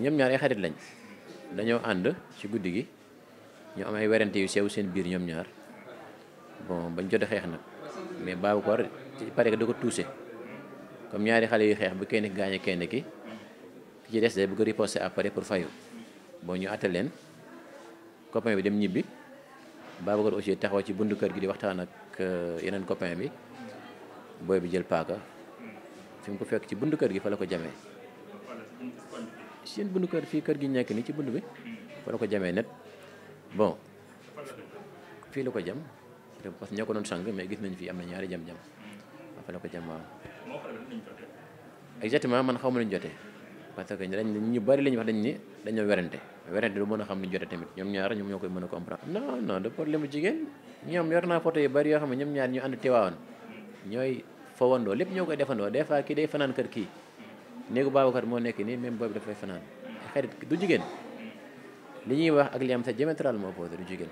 ñoom ñaar ay xarit lañ dañoo ànd ci guddi gi ñu am ay werante yu sew seen biir ñoom ñaar bon bañ jot xeex nag mais Babacar ci pare que da ko tuuse comme ñaari xale yu xeex bu kenn ki gaañee kenn ki ki ci des day bu ko riposté après pour fayo bon ñu àtte leen copain bi dem ñibbi Babacar aussi taxaw ci buntu kër gi di waxtaan ak euh, yeneen copain bi booy bi jël paaka fi mu ko fekk ci bundu kër gi fa la ko jamee seen bundu kër fii kër gi ñu nekk nii ci bundu bi. fa la ko jamee net bon fii la ko jam parce que ñoo ko doon sang mais gis nañu fii am na ñaari jam-jam fa la ko jam waaw. exactement man xaw ma nañ jotee parce que dañ ñu bari la ñu wax dañ ni dañoo werante werante du mën a xam ni jote tamit ñoom ñaar ñoom ñoo koy mën a comprendre no non de problème jigéen ñoom yor naa photo yu bari yoo xam ne ñoom ñaar ñu ànd teewaawoon ñooy fowandoo lépp ñoo koy defandoo des fois kii fanaan kër kii néegu Babacar moo nekk nii même boobu dafay fanaan xarit du jigéen li ñuy wax ak li am sa diamétral moo opposé du jigéen.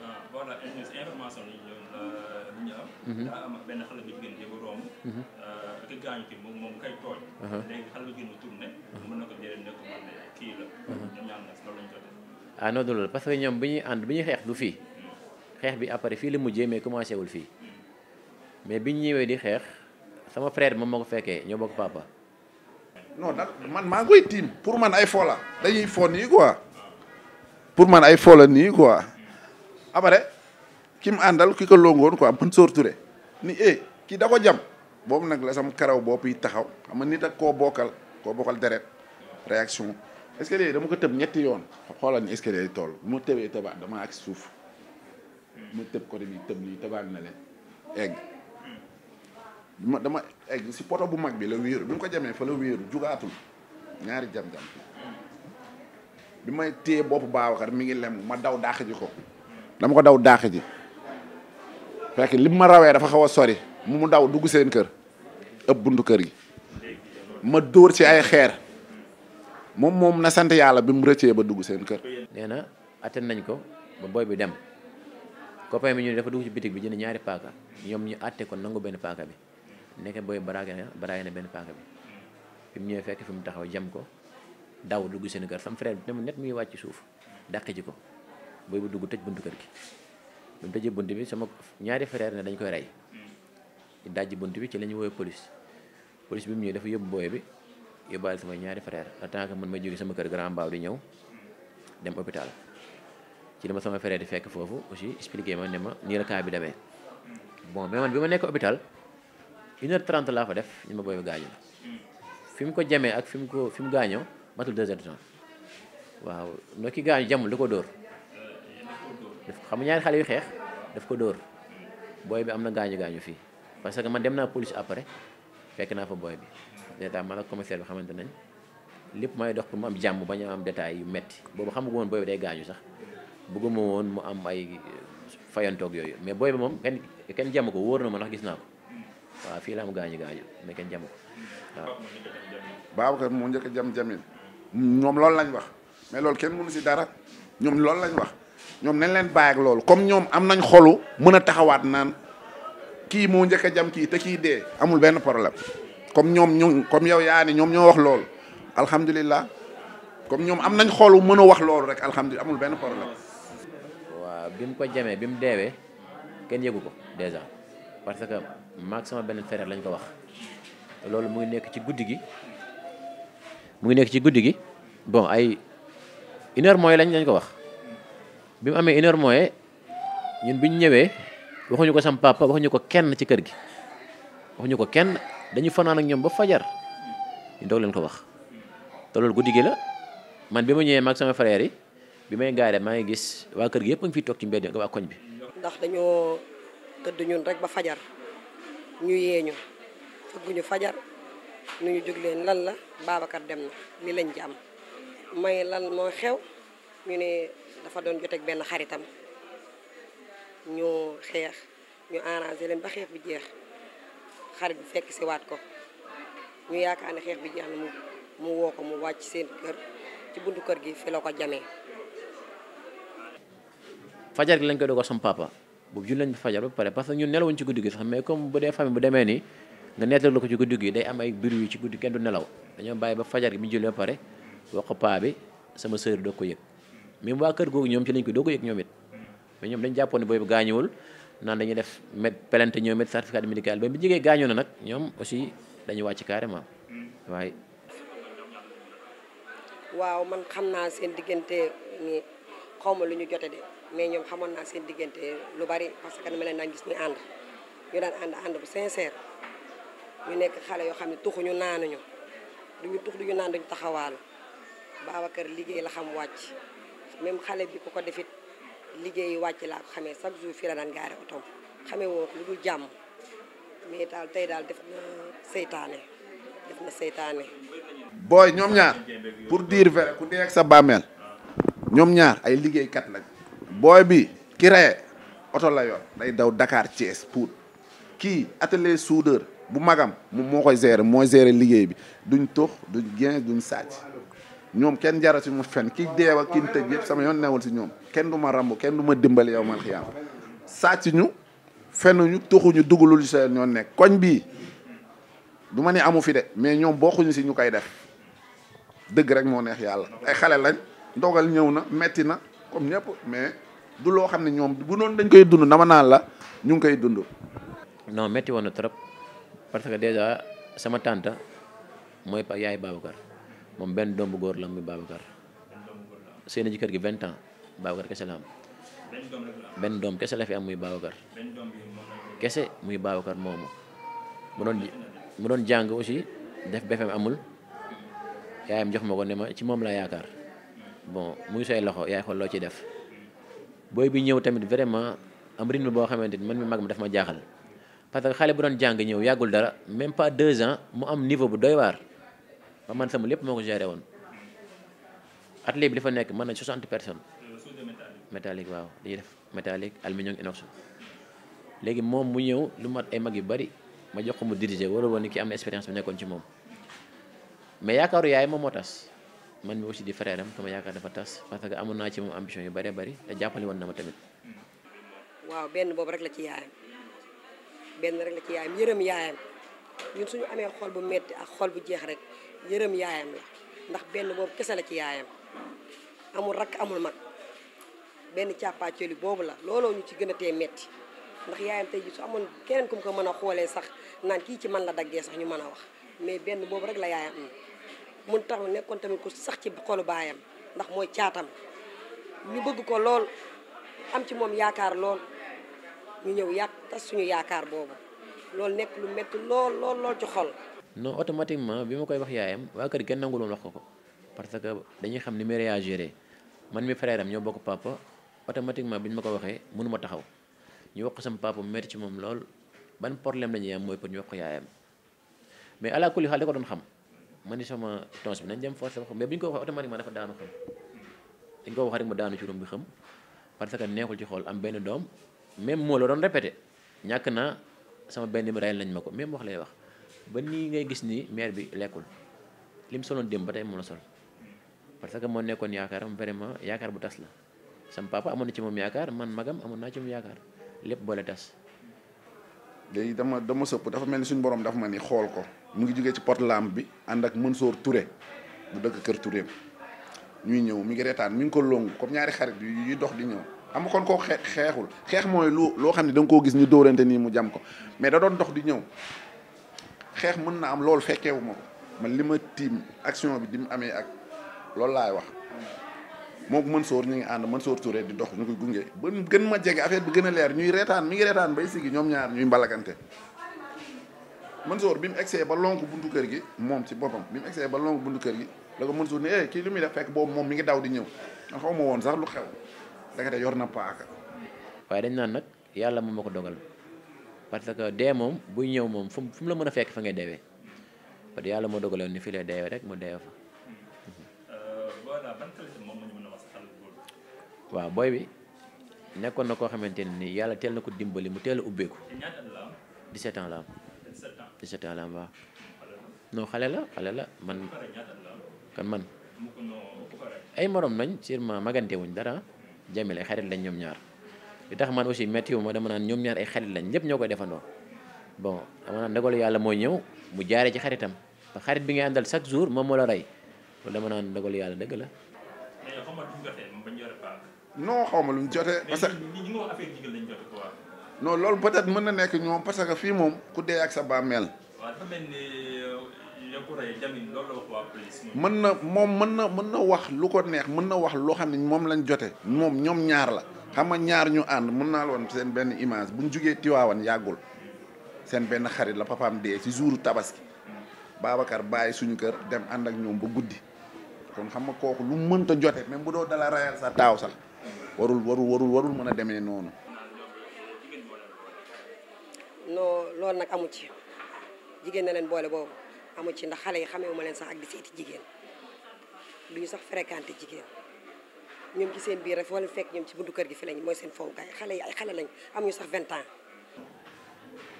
ah non loolu parce que ñoom bi ñuy ànd bi ñuy xeex du fii. Mm. xeex bi après fii la mujjee mais commencé wul fii mais biñ ñëwee di xeex sama frère moom moo ko fekkee ñoo bokk papa. non nag man maa ngi koy tiim pour man ay fo la dañuy fool nii quoi pour man ay foola nii quoi après ki mu àndal ki ko longoon quoi man sorture ni eh kii da ko jam boobu nag la sam karaw bopp yi taxaw xam nga nit ak koo bokal koo bokkal deret réaction escalier dama ko tëb ñetti yoon xoolal ni escalier tool bu ma tëbee tëbaat dama ak suuf mu tëb côté bi tëb lii tëbaat na leen dama egg si poto bu mag bi la wéeru bi mu ko jamee fa la wéeru jugaatul ñaari jam-jam bi may téye bopp Babacar mi ngi lem ma daw dàq ji ko dama ko daw dàq ji fekk li ma rawee dafa xaw a sori mu mu daw dugg seen kër ëpp buntu kër gi ma dóor ci ay xeer moom moom na sant yàlla bi mu rëccee ba dugg seen kër. nee na atten nañ ko ba booy bi dem copain bi ñu ne dafa dugg ci bitig bi jënd ñaari paaka ñoom ñu àtte ko nangu benn paaka bi. nekk booy baraage na baraage na benn paaka bi fi ñëwee fekk fi mu taxaw jam ko daw dugg seen kër sam frère bi tamit net muy wàcc suuf dàq ji ko booy bu dugg tëj buntu kër gi bi mu tëjee bunt bi sama ñaari frère ne dañ koy rey ñu dajji bi ci la ñu police police bi mu ñëwee dafa yóbbu booy bi yóbbaale sama ñaari frère en tant que man may jóge sama kër grand mbaaw di ñëw dem hôpital ci dama sama frère di fekk foofu aussi expliqué ma ne ma nii la cas bi demee bon mais man bi ma nekk hôpital une heure trente laa fa def ñu ma booy ba gaañu na fi mu ko jamee ak fi mu ko fi mu gaañoo matul deux de temps waaw noo ki gaañu jamul da ko dóor daf xam ñaari xale yu xeex daf ko dóor booy bi am na gaañu gaañu fii parce que man dem naa police après fekk naa fa booy bi dèjà man ak commissaire bi xamante nañ lépp may dox pour mu am jàmm ba ñu am détails yu metti boobu xam woon booy bi gaañu sax bëgguma woon mu am ay euh, fayantoog yooyu mais booy bi moom kenn kenn jàmm ko wóor na ma ndax gis naa ko waaw fii la am gaañu gaañu mais kenn jamu ko waaw. Babacar moo njëkk a jam Jamil ñoom loolu lañ wax mais loolu kenn mënu si dara ñoom loolu lañ wax ñoom nañ leen bàyyi loolu comme ñoom am nañ xolu mën a taxawaat naan kii moo njëkk a jam kii te kii dee amul benn problème comme ñoom ñu comme yow yaa ni ñoom ñoo wax loolu alhamdulilah comme ñoom am nañ xolu mën a wax loolu rek alhamdulilah amul benn problème. waaw bi mu ko jamee bi mu deewee kenn yëgu ko déjà maag sama benn frère lañ ko wax loolu mu ngi nekk ci guddi gi ngi nekk ci guddi bon ay une heure lañ lañ ko wax bi mu amee une heure ñun bi ñu ñëwee waxuñu ko sam papa waxuñu ko kenn ci kër gi waxuñu ko kenn dañu fanaan ak ñoom ba fajar ñu doog leen ko wax te loolu guddi gi la man bi ma ñëwee maag sama frère yi bi may gaaree maa ngi gis waa kër gi yëpp a ngi toog ci mbedd waa koñ bi. ndax dañoo tëdd ñun rek ba fajar. ñu yeeñu fëgguñu fajar nu ñu jóg leen lan la Babacar dem na li lañ ci am may lan moo xew ñu ne dafa doon joteeg benn xaritam ñu xeex ñu arrangé leen ba xeex bi jeex xarit bi fekk si waat ko ñu yaakaar ne xeex bi jeex na mu woo ko mu wàcc seen kër ci buntu kër gi fi la ko jamee fajar gi lañ koy dogal ko papa boobu julli nañ fajar ba pare parce que ñun nelawuñ ci guddi gi sax mais comme bu dee famille bu demee ni nga neetal la ko ci guddi gi day am ay biir yu ci guddi kenn du nelaw dañoo bàyyi ba fajar gi bi ñu ba pare wax paa bi sama sœur doo ko yëg même waa kër googu ñoom ci lañ ko doo ko yëg ñoom it mais ñoom dañ jàppoon boobu gaañuwul naan dañuy def med pelante ñoom it certificat médical ba bi jigee gaañoo na nag ñoom aussi dañu wàcc mais ñoom xamoon naa seen diggante lu bari parce que dama leen daan gis ñu ànd ñu daan ànd ànd bu sincère ñu nekk xale yoo xam ne tuxuñu naanuñu duñu tux duñu naan duñu taxawaalu kër liggéey la xam wàcc même xale bi ku ko defit liggéey wàcc laa ko xamee chaque jours fii la daan gaare otom xamee woo lu dul jàmm mais daal tey daal def na seytaane def na seytaane booy ñoom ñaar pour diir vrai ku dee ak sa bàmmeel ñoom ñaar ay liggéeykat lañ booy bi ki reye oto la yor day daw dakaar Thiès pour kii atelier suudar bu magam moom moo koy gérer mooy gérer liggéey bi duñ tux duñ génn duñ sàcc ñoom kenn jara si mu fen ki deew ak ki ñu tëj yëpp sama yoon newul si ñoom kenn du ma ramb kenn du ma dimbali yow man xiyaam sàcc ñu fenuñu tuxuñu dugalul ñoo nekk koñ bii du ma ne amu fi de mais ñoom bokkuñu si ñu koy def dëgg rek moo neex yàlla ay xale lañ ndogal ñëw na metti na comme ñëpp mais du loo xam ne ñoom bu noonu dañ koy dund dama naan la ñu ngi koy dund. non métti woon na trop parce que déjà sama tante mooy yaay Babacar moom benn doom bu góor la muy Babacar seen ji kër gi vingt ans Babacar kese la am. benn kese am muy Babacar. muy Babacar moomu mu doon mu doon jàng aussi def BFM amul yaayam jox ma ko ne ma ci moom la yaakaar bon muy say loxo yaay xool loo ciy def. booy bi ñëw tamit vraiment am rythme boo xamante ni man mi mag ma daf ma jaaxal parce que xale bu doon jàng ñëw yàggul dara même pas deux ans mu am niveau bu doy waar ba man sama lépp moo ko géré woon atelier bi dafa nekk mën na 60 personnes. métallique waaw dañuy def métallique aluminium inox léegi moom mu ñëw lu mat ay mag yu bari ma jox ko mu diriger wala woon ni ki am na expérience bi nekkoon ci moom mais yaakaaru yaay moom moo tas. man mi aussi di frère am sama yaakaar dafa tas parce que amoon naa ci moom ambition yu bëree bëri te jàppale woon na ma tamit. waaw benn boobu rek la ci yaayam benn rek la ci yaayam yërëm yaayam ñun suñu amee xol bu metti ak xol bu jeex rek yërëm yaayam la ndax benn boobu kese la ci yaayam amul rakk amul mag benn càppaacoli boobu la looloo ñu ci gën a tee metti ndax yaayam tey ji su amoon kenn ku mu ko mën a xoolee sax naan kii ci man la daggee sax ñu mën a wax mais benn boobu rek la yaayam am mun tax mu nekkoon tamit ku sax ci xolu baayam ndax mooy caatam ñu bëgg ko lool am ci moom yaakaar lool ñu ñëw yàq suñu yaakaar boobu loolu nekk lu métti lool lool lool ci xol. non automatiquement bi ma koy wax yaayam waa kër kenn nanguloon wax ko ko parce que dañuy xam ni man mi frère am ñoo bokk papa automatiquement bi ñu ma ko waxee mënu ma taxaw ñu wax ko sama papa mu métti ci moom lool ban problème la ñuy am mooy pour ñu wax ko yaayam mais alaa kulli xaal da ko doon xam. ma ni sama tons bi nañ dem force sama xam mais bi ñu ko waxee automatiquement dafa daanu xam dañ ko wax rek mu daanu ci bi xam parce que neexul ci xool am benn doom même moo la doon répété ñàkk naa sama benn bi rayal nañ ma ko même wax lay wax ba nii ngay gis ni maire bi lekkul lim soloon démb ba tey moom a sol parce que moo nekkoon yaakaar yaakaaram vraiment yaakaar bu tas la sama papa amoon na ci moom yaakaar man magam amoon naa ci moom yaakaar lépp boole tas léegi dama dama sëpp dafa mel ni suñu borom dafa ma ni xool ko mu ngi jógee ci porte lampe bi ànd ak soor Touré bu dëkk kër Touré ñuy ñëw mi ngi reetaan mi ngi ko longu comme ñaari xarit yuy dox di ñëw am kon koo xee xeexul xeex mooy lu loo xam ne da nga koo gis ñu dóorante nii mu jam ko mais da doon dox di ñëw xeex mën na am loolu fekkeewu ma ko man li ma tiim action bi di mu amee ak loolu laay wax moom Mansour ñu ngi ànd Mansour Touré di dox ñu koy gunge ba gën ma jege affaire bi gën a leer ñuy reetaan mi ngi reetaan bay sigi ñoom ñaar ñuy mbalagante Mansour bi mu egsee ba lonk buntu kër gi moom ci boppam bi mu egsee ba lonk buntu kër gi la ko Mansour ne eh, kii li muy def fekk boobu moom mi ngi daw di ñëw man ma woon sax lu xew yor na paaka waaye dañ naan nag yàlla moom ma ko dogal parce que dee moom buy ñëw moom fu mu la mën a fekk fa ngay deewee parce que yàlla moo dogaloon ni fii lay deewee rek mu deewee fa euh, waaw booy bi nekkoon na koo xamante ni nii yàlla teel na ko dimbali mu teel a ubbeeku. 17 ans la am. 17 ans la xale la xale la man kan man. ay morom nañ sûrement magante wuñ dara jamil ay xarit lañ ñoom ñaar li tax man aussi métti wu ma dama naan ñoom ñaar ay xarit lañ ñëpp ñoo koy defandoo bon dama naan ndogalu yàlla mooy ñëw mu jaare ci xaritam xarit bi ngay àndal chaque jour moom moo la rey loolu dama naan ndogalu yàlla dëgg la. non xaw ma lu mu jotee. parce que ñi nga wax loolu peut-être mën na nekk ñoom parce que fii moom ku dee ak sa bàmmeel. mel euh, mën na moom mën na mën na wax lu ko neex mën na wax loo xam ne moom lañ jote moom ñoom ñaar la xam nga ñaar ñu ànd mën naa la woon seen benn image bu ñu jugee Tiwaawan yàggul seen benn xarit la papaam dee ci jouru tabaski. baabakar bàyyi suñu kër dem ànd ak ñoom ba guddi kon xam nga kooku lu mënta jote même bu doo dala rayal sa taaw sax. warul warul warul warul mën a demee noonu. non loolu nag amu ci jigéen na leen boole boobu amu ci ndax xale yi xamee ma leen sax ak di seeti jigéen duñu sax fréquenté jigéen ñoom ci seen biir rek wala fekk ñoom ci buntu kër gi fi lañ mooy seen fowukaay xale yi ay xale lañ amuñu sax vingt ans.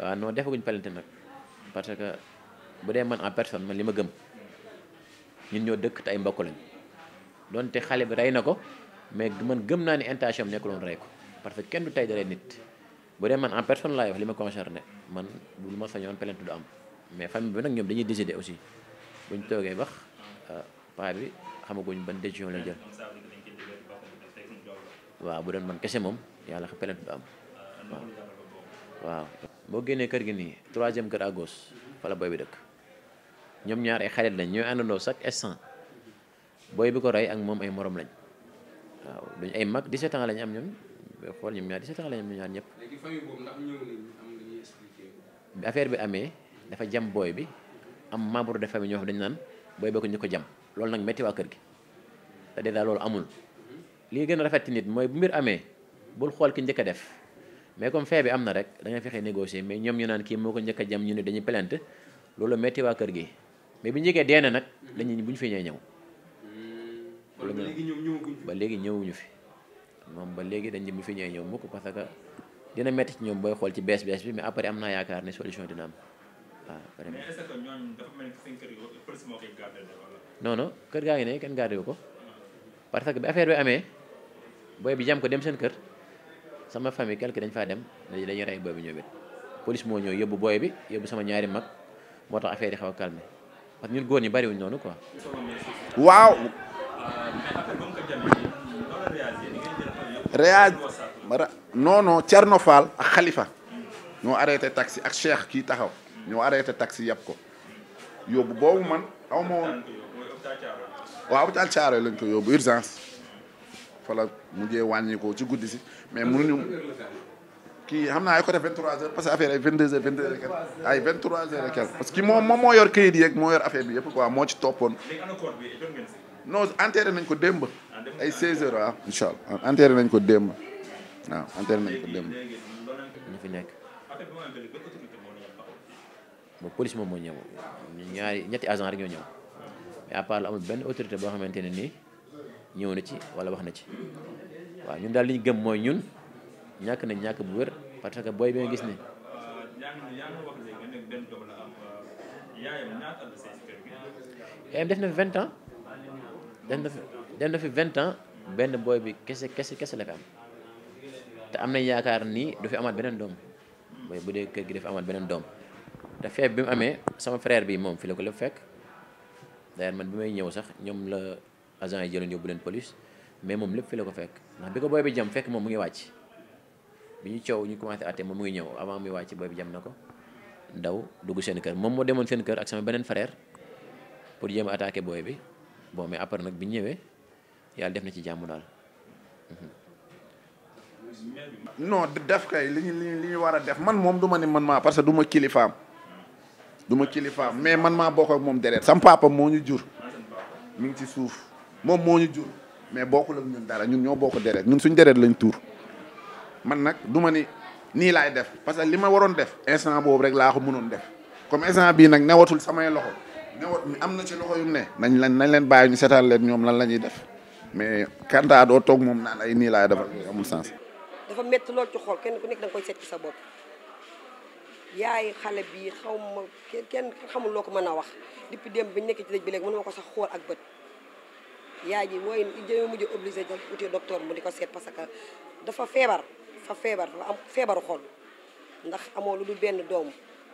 noo non defaguñ palante nag parce que bu dee man en personne man li ma gëm ñun ñoo dëkk te ay mbokk lañ doonte xale bi rey na ko. mais man gëm naa ni intention am nekkuloon rey ko parce que kenn du tey dalee nit bu dee man en personne laay wax li ma concerné man bu ma sañoon plainte du am mais famille bi nag ñoom dañuy décider aussi buñ toogee wax euh, paa xamaguñ ban décision la jël waaw bu doon man kese moom yàlla xa plainte du am waaw waaw boo génnee kër gi nii troisième kër à gauche fa bi dëkk ñoom ñaar ay xarit lañ ñooy àndandoo chaque instant booy bi ko rey ak moom ay moroom lañ waaw duñu ay mag 17 ans lañu am ñoom xool ñoom ñaar 17 ans lañu am ñaar bi amee dafa jam booy bi am membre de famille ñoo xam naan booy bokk ko jam loolu nag métti waa kër gi te loolu amul. li gën a rafet mooy mbir amee bul xool ki njëkk def mais comme fee bi am na rek da nga fexe négocier mais ñoom ñu kii moo ko njëkk a jam ñu ne dañuy plainte loolu métti waa kër gi mais bu ñu jógee dee na nag lañu bu ñu fi ñëw la ñu ba léegi ñëwuñu fi moom ba léegi dañ mu fi ñëwee ñëw mukk parce que dina métti ci ñoom booy xool ci bees bees bi mais après am naa yaakaar ne solution dina am waaw vraiment. mais est-ce que ñooñu kër gaa ngi ne kenn gardé wu ko parce que bi affaire bi amee booy bi jam ko dem seen kër sama famille quelque dañ faa dem dañuy rey booy bi ñëw it police moo ñëw yóbbu booy bi yóbbu sama ñaari mag moo tax affaire yi a calmé parce que ñun góor ñi bariwuñ noonu quoi. waaw. réag non non Thierno Fall ak Khalifa ñoo arrêté taxi ak Cheikh kii taxaw ñoo arrêté taksi yàpp ko yóbbu boobu man aw ma woon waaw hôpital Thiaroye lañ ko yóbbu urgence fa la mujjee ci guddi si mais ñu kii xam naa ay côté 23h parce que affaire ay 22h 22h parce que moom moo yor kayit yeeg moo yor affaire bi yëpp quoi moo ci toppoon. non enterré nañ ko démb. Ah, ay 16 heures waaw incha allah ah, nañ ko démb waaw enterré nañ ñu fi nekk. boobu police moom moo ñëw ñaari ñetti agent rek ñoo ñëw mais à la amul benn autorité boo xamante ne nii ñëw na ci wala wax na ci waaw ñun daal li ñu gëm mooy ñun ñàkk nañ ñàkk bu wér parce que booy bi nga gis ne. yaayam def na vingt ans. dem na fi dem na fi vingt ans benn booy bi kese kese kese la fi am te am na yaakaar nii du fi amaat beneen doom mooy bu dee kër gi dafa beneen doom te feeb bi mu amee sama frère bi moom fi la ko lépp fekk d'ailleurs man bi may ñëw sax ñoom la agent yi jëloon yóbbu leen police mais moom fi ko fekk ndax bi ko booy bi jam fekk moom mu ngi wàcc bi ñu coow ñu commencé àtte moom mu ngi ñëw avant muy wàcc booy bi jam na ko ndaw dugg seen kër moom moo demoon seen kër ak sama beneen frère pour jéem a attaqué booy bi bon mais après nag bi ñëwee yàlla def na ci jàmm daal. non def kay li ñu li ñu war a def man moom du ma ni man maa parce que duma ma kilifaam. du ma kilifaam mais man maa bokk ak moom deret sam papa moo ñu jur. mi ngi ci suuf moom moo ñu jur mais bokku ak ñun dara ñun ñoo bokk deret ñun suñ dereet lañu tuur man nag du ma ni nii laay def parce que li ma waroon def instant boobu rek laa ko mënoon def comme instant bii nag newatul samay loxo. njaboot mi am na ci loxo yu ne. nañ leen nañ leen bàyyi ñu seetaan leen ñoom lan la ñuy def mais kantaa doo toog moom naan ay nii laay defal amul sens. dafa métti lool ci xool kenn ku nekk da nga koy ci sa bopp yaay xale bi xaw ma kenn xamul loo ko mën a wax depuis démb bi nekk ci dëj bi léegi mënuma ko sax xool ak bët. yaay ji mooy jëme mujj obligé da uti docteur mu di ko seet parce que dafa feebar fa feebar dafa am feebaru xol ndax amoo lu du benn doom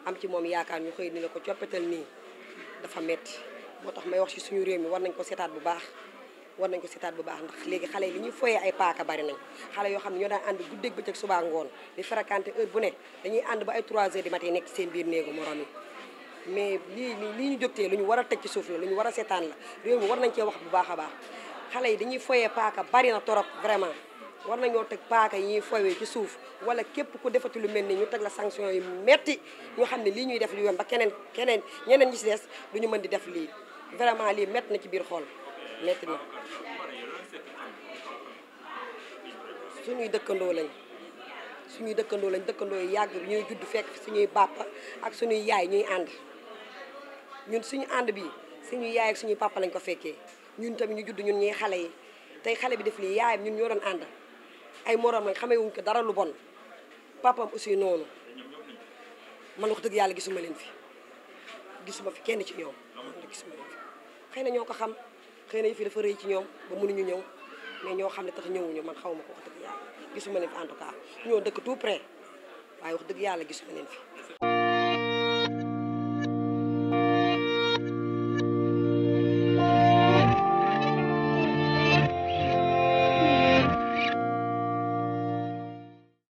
am ci moom yaakaar ñu xëy ni la ko coppetal nii dafa metti moo tax may wax ci suñu réew mi war nañ ko seetaat bu baax war nañ ko seetaat bu baax ndax léegi xale yi li ñuy foyee ay paaka bari nañ xale yoo xam ne ñoo daan ànd guddeeg bëccëg subaa ngoon di fréquenté heure bu ne dañuy ànd ba ay 3 heures nekk seen biir néegu morom yi mais lii lii ñu lu ñu war a teg ci suuf la lu ñu war a seetaan la réew mi war nañ cee wax bu baax a baax xale yi dañuy foyee paaka bari na torop vraiment war nañoo teg paaka yi foyee ci suuf wala képp ku defati lu mel ni ñu teg la sanction yi metti ñu xam ne lii ñuy def lu yoon ba keneen keneen ñeneen ñi si des du ñu mën di def lii vraiment lii metti na ci biir xool metti na suñuy dëkkandoo lañ suñuy dëkkandoo lañ dëkkandoo yi yàgg bi ñuy judd fekk suñuy bàppa ak suñuy yaay ñuy ànd ñun suñu ànd bi suñuy yaay ak suñuy pàpp lañ ko fekkee ñun tamit ñu judd ñun ñuy xale yi tey xale bi def lii yaayam ñun ñoo doon ànd ay morom lañ xamee wuñ ko dara lu bon papaam aussi noonu man wax dëgg yàlla gisuma leen fi gisuma fi kenn ci ñoom gisuma leen xëy na ñoo ko xam xëy na fi dafa rëy ci ñoom ba ñu ñëw mais ñoo xam ne tax ñëwuñu man xaw ma ko wax dëgg yàlla gisuma leen fi en tout cas ñoo dëkk tout près waaye wax dëgg yàlla gisuma leen fi